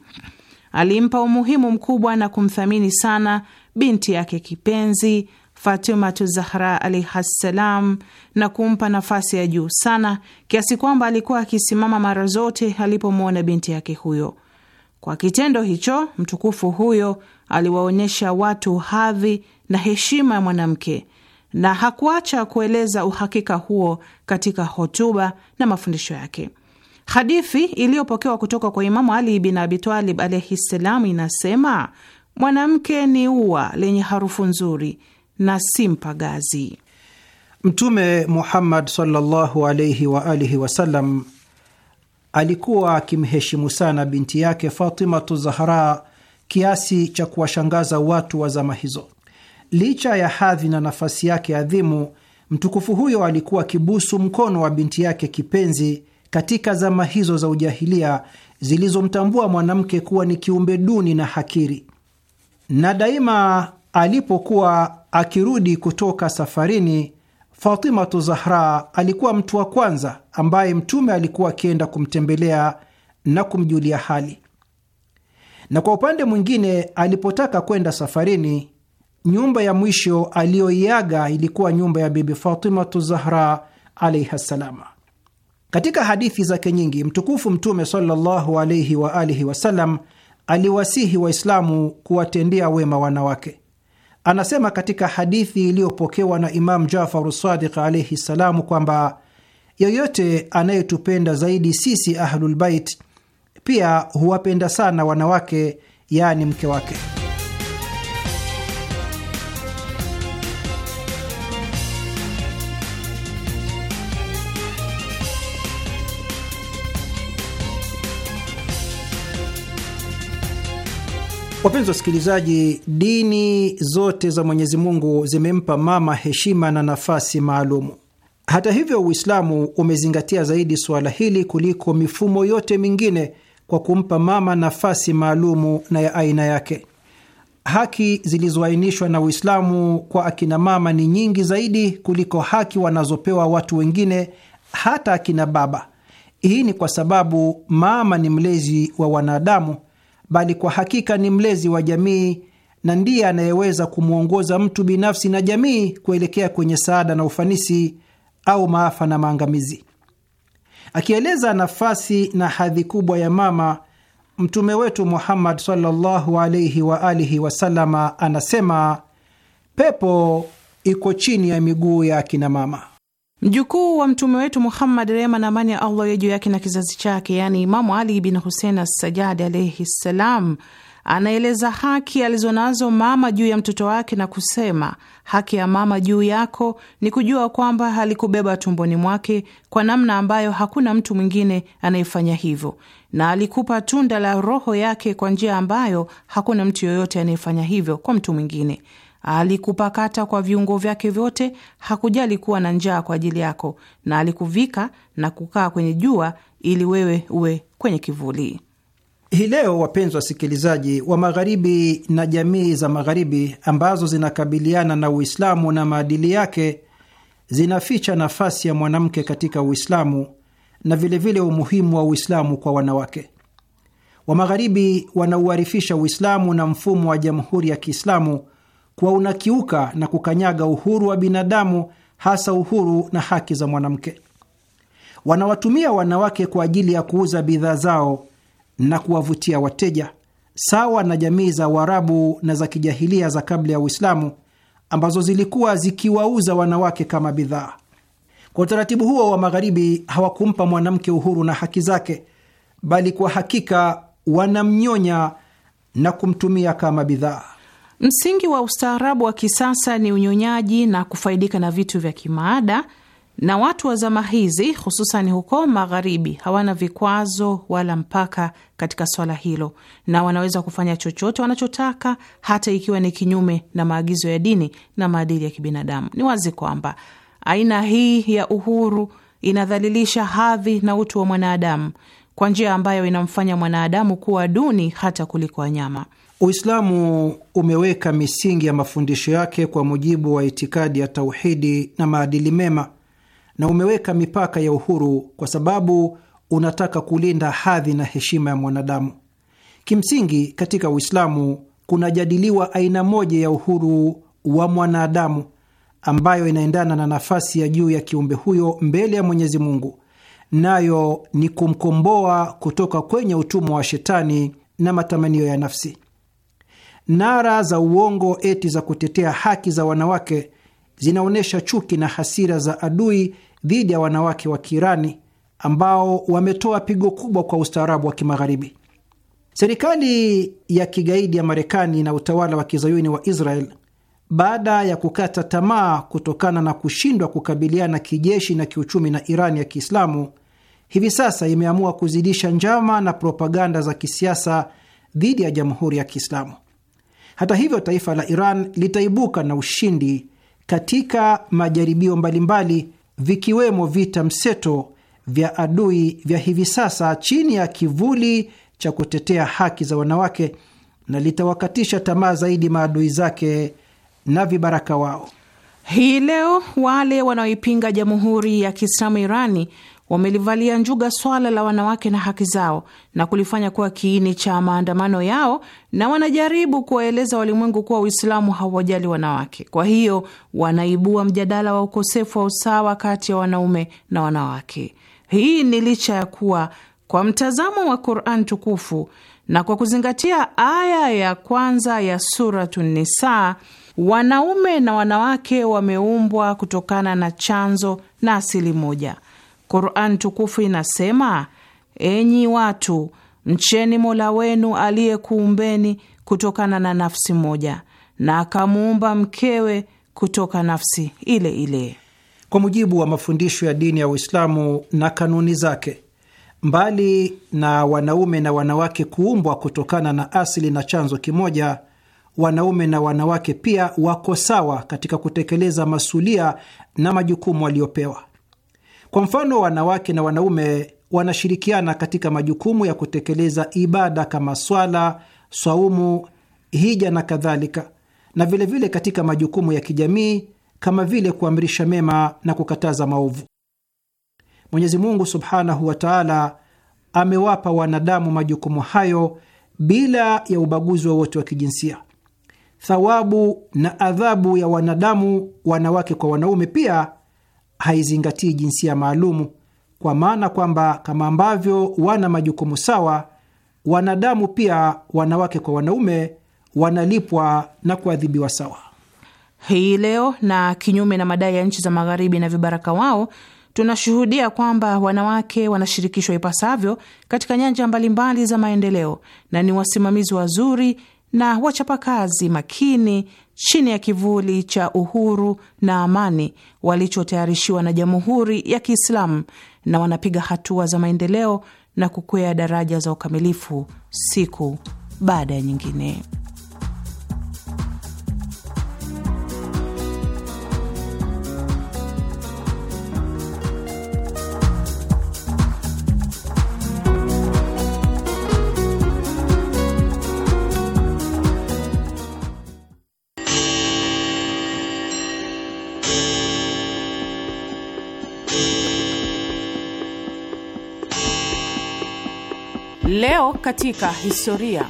Alimpa umuhimu mkubwa na kumthamini sana binti yake kipenzi Fatimatu Zahra alaihassalam, na kumpa nafasi ya juu sana kiasi kwamba alikuwa akisimama mara zote alipomwona binti yake huyo. Kwa kitendo hicho mtukufu huyo aliwaonyesha watu hadhi na heshima ya mwanamke na hakuacha kueleza uhakika huo katika hotuba na mafundisho yake. Hadithi iliyopokewa kutoka kwa Imamu Ali bin Abitalib alaihi ssalam inasema mwanamke ni ua lenye harufu nzuri na si mpagazi. Mtume Muhammad sallallahu alaihi wa alihi wasallam alikuwa akimheshimu sana binti yake Fatimatu Zahra kiasi cha kuwashangaza watu wa zama hizo. Licha ya hadhi na nafasi yake adhimu, mtukufu huyo alikuwa akibusu mkono wa binti yake kipenzi katika zama hizo za ujahilia zilizomtambua mwanamke kuwa ni kiumbe duni na hakiri, na daima alipokuwa akirudi kutoka safarini, Fatimatu Zahra alikuwa mtu wa kwanza ambaye Mtume alikuwa akienda kumtembelea na kumjulia hali. Na kwa upande mwingine, alipotaka kwenda safarini Nyumba ya mwisho aliyoiaga ilikuwa nyumba ya Bibi Fatimatu Zahra alaihi ssalama. Katika hadithi zake nyingi, mtukufu Mtume sallallahu alaihi wa alihi wasallam aliwasihi Waislamu kuwatendea wema wanawake. Anasema katika hadithi iliyopokewa na Imamu Jafaru Sadiq alaihi ssalamu kwamba yoyote anayetupenda zaidi sisi Ahlulbait pia huwapenda sana wanawake, yaani mke wake. Wapenzi wasikilizaji, dini zote za Mwenyezi Mungu zimempa mama heshima na nafasi maalumu. Hata hivyo, Uislamu umezingatia zaidi suala hili kuliko mifumo yote mingine kwa kumpa mama nafasi maalumu na ya aina yake. Haki zilizoainishwa na Uislamu kwa akina mama ni nyingi zaidi kuliko haki wanazopewa watu wengine, hata akina baba. Hii ni kwa sababu mama ni mlezi wa wanadamu bali kwa hakika ni mlezi wa jamii na ndiye anayeweza kumwongoza mtu binafsi na jamii kuelekea kwenye saada na ufanisi au maafa na maangamizi. Akieleza nafasi na hadhi kubwa ya mama, mtume wetu Muhammad sallallahu alaihi wa alihi wasalama anasema, pepo iko chini ya miguu ya akina mama. Mjukuu wa mtume wetu Muhammad, rehma na amani ya Allah ya juu yake na kizazi chake, yaani Imamu Ali bin Husein Assajadi alaihi ssalam, anaeleza haki alizonazo mama juu ya mtoto wake na kusema, haki ya mama juu yako ni kujua kwamba alikubeba tumboni mwake kwa namna ambayo hakuna mtu mwingine anayefanya hivyo, na alikupa tunda la roho yake kwa njia ambayo hakuna mtu yoyote anayefanya hivyo kwa mtu mwingine alikupakata kwa viungo vyake vyote, hakujali kuwa na njaa kwa ajili yako, na alikuvika na kukaa kwenye jua ili wewe uwe kwenye kivuli. Hii leo wapenzi wasikilizaji, wa Magharibi na jamii za Magharibi ambazo zinakabiliana na Uislamu na maadili yake zinaficha nafasi ya mwanamke katika Uislamu na vilevile vile umuhimu wa Uislamu kwa wanawake. Wa Magharibi wanauharifisha Uislamu na mfumo wa Jamhuri ya Kiislamu kuwa unakiuka na kukanyaga uhuru wa binadamu, hasa uhuru na haki za mwanamke. Wanawatumia wanawake kwa ajili ya kuuza bidhaa zao na kuwavutia wateja, sawa na jamii za Uarabu na za kijahilia za kabla ya Uislamu ambazo zilikuwa zikiwauza wanawake kama bidhaa. Kwa utaratibu huo wa Magharibi, hawakumpa mwanamke uhuru na haki zake, bali kwa hakika wanamnyonya na kumtumia kama bidhaa. Msingi wa ustaarabu wa kisasa ni unyonyaji na kufaidika na vitu vya kimaada, na watu wa zama hizi hususan huko magharibi hawana vikwazo wala mpaka katika swala hilo, na wanaweza kufanya chochote wanachotaka hata ikiwa ni kinyume na maagizo ya dini na maadili ya kibinadamu. Ni wazi kwamba aina hii ya uhuru inadhalilisha hadhi na utu wa mwanadamu kwa njia ambayo inamfanya mwanadamu kuwa duni hata kuliko wanyama. Uislamu umeweka misingi ya mafundisho yake kwa mujibu wa itikadi ya tauhidi na maadili mema, na umeweka mipaka ya uhuru kwa sababu unataka kulinda hadhi na heshima ya mwanadamu. Kimsingi, katika Uislamu kunajadiliwa aina moja ya uhuru wa mwanadamu ambayo inaendana na nafasi ya juu ya kiumbe huyo mbele ya Mwenyezi Mungu, nayo ni kumkomboa kutoka kwenye utumwa wa shetani na matamanio ya nafsi. Nara za uongo eti za kutetea haki za wanawake zinaonyesha chuki na hasira za adui dhidi ya wanawake wa Kiirani ambao wametoa pigo kubwa kwa ustaarabu wa Kimagharibi. Serikali ya kigaidi ya Marekani na utawala wa kizayuni wa Israel, baada ya kukata tamaa kutokana na kushindwa kukabiliana kijeshi na kiuchumi na Irani ya Kiislamu, hivi sasa imeamua kuzidisha njama na propaganda za kisiasa dhidi ya jamhuri ya Kiislamu. Hata hivyo, taifa la Iran litaibuka na ushindi katika majaribio mbalimbali, vikiwemo vita mseto vya adui vya hivi sasa chini ya kivuli cha kutetea haki za wanawake na litawakatisha tamaa zaidi maadui zake na vibaraka wao. Hii leo wale wanaoipinga Jamhuri ya Kiislamu Irani wamelivalia njuga swala la wanawake na haki zao na kulifanya kuwa kiini cha maandamano yao, na wanajaribu kuwaeleza walimwengu kuwa Uislamu hawajali wanawake. Kwa hiyo wanaibua mjadala wa ukosefu wa usawa kati ya wanaume na wanawake. Hii ni licha ya kuwa kwa mtazamo wa Quran tukufu na kwa kuzingatia aya ya kwanza ya Suratu Nisa, wanaume na wanawake wameumbwa kutokana na chanzo na asili moja. Qur'an tukufu inasema, enyi watu, mcheni Mola wenu aliyekuumbeni kutokana na nafsi moja na akamuumba mkewe kutoka nafsi ile ile. Kwa mujibu wa mafundisho ya dini ya Uislamu na kanuni zake, mbali na wanaume na wanawake kuumbwa kutokana na asili na chanzo kimoja, wanaume na wanawake pia wako sawa katika kutekeleza masulia na majukumu waliopewa. Kwa mfano, wanawake na wanaume wanashirikiana katika majukumu ya kutekeleza ibada kama swala, swaumu, hija na kadhalika, na vilevile vile katika majukumu ya kijamii kama vile kuamrisha mema na kukataza maovu. Mwenyezi Mungu subhanahu wa taala amewapa wanadamu majukumu hayo bila ya ubaguzi wowote wa, wa kijinsia. Thawabu na adhabu ya wanadamu wanawake kwa wanaume pia haizingatii jinsia maalumu, kwa maana kwamba kama ambavyo wana majukumu sawa, wanadamu pia, wanawake kwa wanaume, wanalipwa na kuadhibiwa sawa. Hii leo na kinyume na madai ya nchi za Magharibi na vibaraka wao, tunashuhudia kwamba wanawake wanashirikishwa ipasavyo katika nyanja mbalimbali za maendeleo na ni wasimamizi wazuri na wachapakazi makini chini ya kivuli cha uhuru na amani walichotayarishiwa na Jamhuri ya Kiislamu, na wanapiga hatua za maendeleo na kukwea daraja za ukamilifu siku baada ya nyingine. Leo katika historia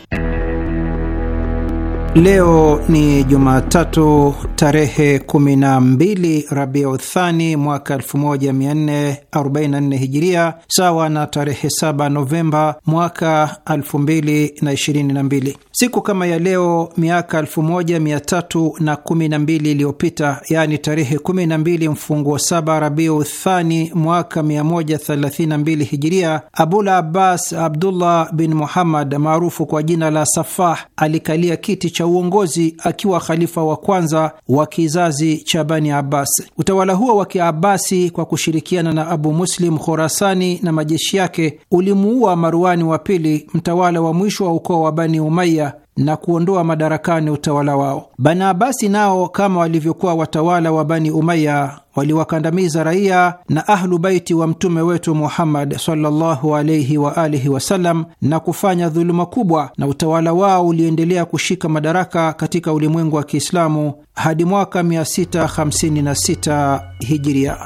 Leo ni Jumatatu tarehe 12 uthani mwaka 1444 Hijiria, sawa na tarehe 7 Novemba mwaka 2022. Siku kama ya leo miaka 1312 iliyopita, yaani tarehe 12 mfunguo 7 uthani mwaka 132 Hijiria, Abul Abbas Abdullah bin Muhammad maarufu kwa jina la Safah alikalia kiti cha uongozi akiwa khalifa wa kwanza wa kizazi cha Bani Abbas. Utawala huo wa Kiabasi kwa kushirikiana na Abu Muslim Khorasani na majeshi yake ulimuua Marwani wa pili, mtawala wa mwisho wa ukoo wa Bani Umaya na kuondoa madarakani utawala wao. Bani Abasi nao kama walivyokuwa watawala wa Bani Umaya waliwakandamiza raia na Ahlu Baiti wa mtume wetu Muhammad sallallahu alaihi wa alihi wasallam na kufanya dhuluma kubwa, na utawala wao uliendelea kushika madaraka katika ulimwengu wa Kiislamu hadi mwaka 656 Hijiria.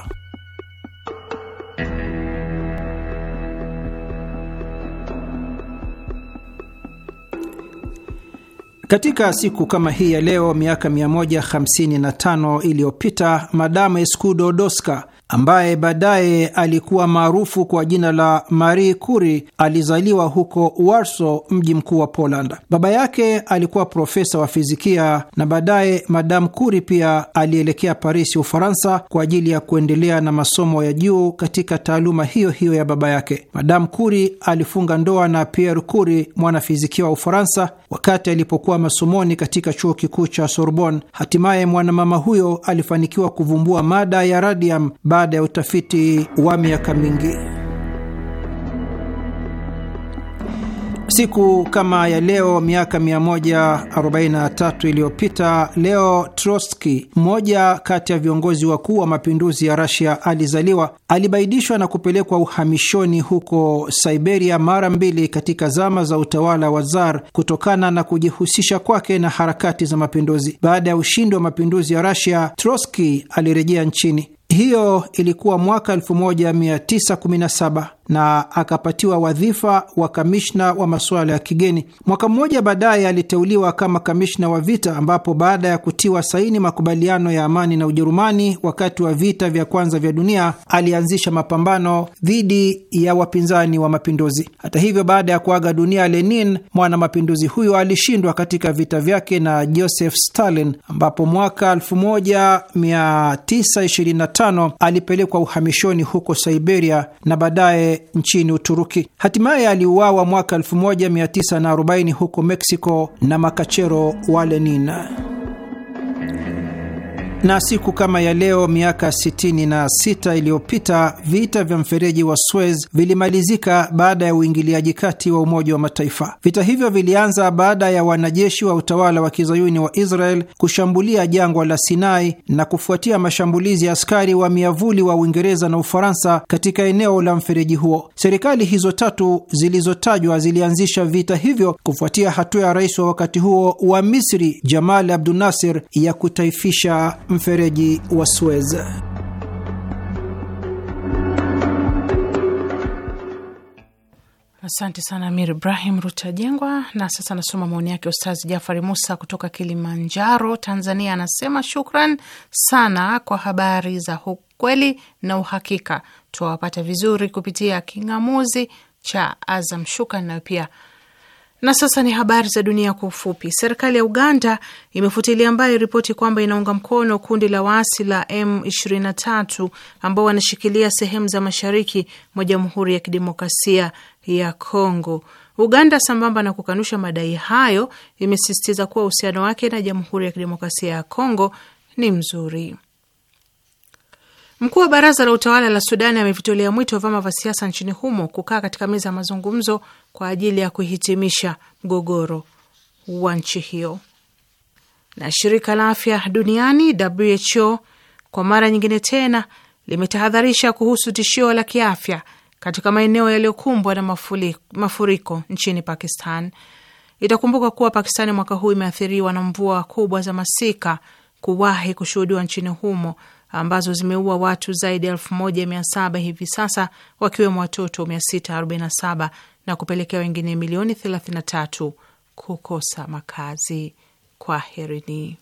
Katika siku kama hii ya leo miaka 155 iliyopita, Madame Escudo Doska ambaye baadaye alikuwa maarufu kwa jina la Marie Curie alizaliwa huko Warsaw, mji mkuu wa Poland. Baba yake alikuwa profesa wa fizikia na baadaye madamu Curie pia alielekea Paris, Ufaransa, kwa ajili ya kuendelea na masomo ya juu katika taaluma hiyo hiyo ya baba yake. madamu Curie alifunga ndoa na Pierre Curie, mwanafizikia wa Ufaransa, wakati alipokuwa masomoni katika chuo kikuu cha Sorbonne. Hatimaye mwanamama huyo alifanikiwa kuvumbua mada ya radium baada ya utafiti wa miaka mingi. Siku kama ya leo miaka 143 iliyopita leo Trotsky, mmoja kati ya viongozi wakuu wa mapinduzi ya Russia, alizaliwa. Alibaidishwa na kupelekwa uhamishoni huko Siberia mara mbili katika zama za utawala wa Tsar kutokana na kujihusisha kwake na harakati za mapinduzi. Baada ya ushindi wa mapinduzi ya Russia, Trotsky alirejea nchini. Hiyo ilikuwa mwaka 1917 na akapatiwa wadhifa wa kamishna wa masuala ya kigeni. Mwaka mmoja baadaye aliteuliwa kama kamishna wa vita, ambapo baada ya kutiwa saini makubaliano ya amani na Ujerumani wakati wa vita vya kwanza vya dunia, alianzisha mapambano dhidi ya wapinzani wa mapinduzi. Hata hivyo, baada ya kuaga dunia Lenin, mwana mapinduzi huyo alishindwa katika vita vyake na Joseph Stalin, ambapo mwaka 1925 1945 alipelekwa uhamishoni huko Siberia na baadaye nchini Uturuki. Hatimaye aliuawa mwaka 1940 huko Meksiko na makachero wa Lenin. Na siku kama ya leo miaka 66 iliyopita vita vya mfereji wa Suez vilimalizika baada ya uingiliaji kati wa Umoja wa Mataifa. Vita hivyo vilianza baada ya wanajeshi wa utawala wa kizayuni wa Israel kushambulia jangwa la Sinai na kufuatia mashambulizi ya askari wa miavuli wa Uingereza na Ufaransa katika eneo la mfereji huo. Serikali hizo tatu zilizotajwa zilianzisha vita hivyo kufuatia hatua ya rais wa wakati huo wa Misri Jamal Abdunasir ya kutaifisha mfereji wa Suez. Asante sana Amir Ibrahim Rutajengwa. Na sasa anasoma maoni yake Ustazi Jafari Musa kutoka Kilimanjaro, Tanzania. Anasema shukran sana kwa habari za ukweli na uhakika, tuwapata vizuri kupitia king'amuzi cha Azam. Shukran nayo pia na sasa ni habari za dunia kwa ufupi. Serikali ya Uganda imefutilia mbali ripoti kwamba inaunga mkono kundi la waasi la M23 ambao wanashikilia sehemu za mashariki mwa Jamhuri ya Kidemokrasia ya Kongo. Uganda, sambamba na kukanusha madai hayo, imesisitiza kuwa uhusiano wake na Jamhuri ya Kidemokrasia ya Kongo ni mzuri. Mkuu wa baraza la utawala la Sudani amevitolea mwito wa vyama vya siasa nchini humo kukaa katika meza ya mazungumzo kwa ajili ya kuhitimisha mgogoro wa nchi hiyo. Na shirika la afya duniani WHO kwa mara nyingine tena limetahadharisha kuhusu tishio la kiafya katika maeneo yaliyokumbwa na mafuli, mafuriko nchini Pakistan. Itakumbuka kuwa Pakistani mwaka huu imeathiriwa na mvua kubwa za masika kuwahi kushuhudiwa nchini humo ambazo zimeua watu zaidi ya elfu moja mia saba hivi sasa wakiwemo watoto 647 na kupelekea wengine milioni 33 kukosa makazi. Kwaherini.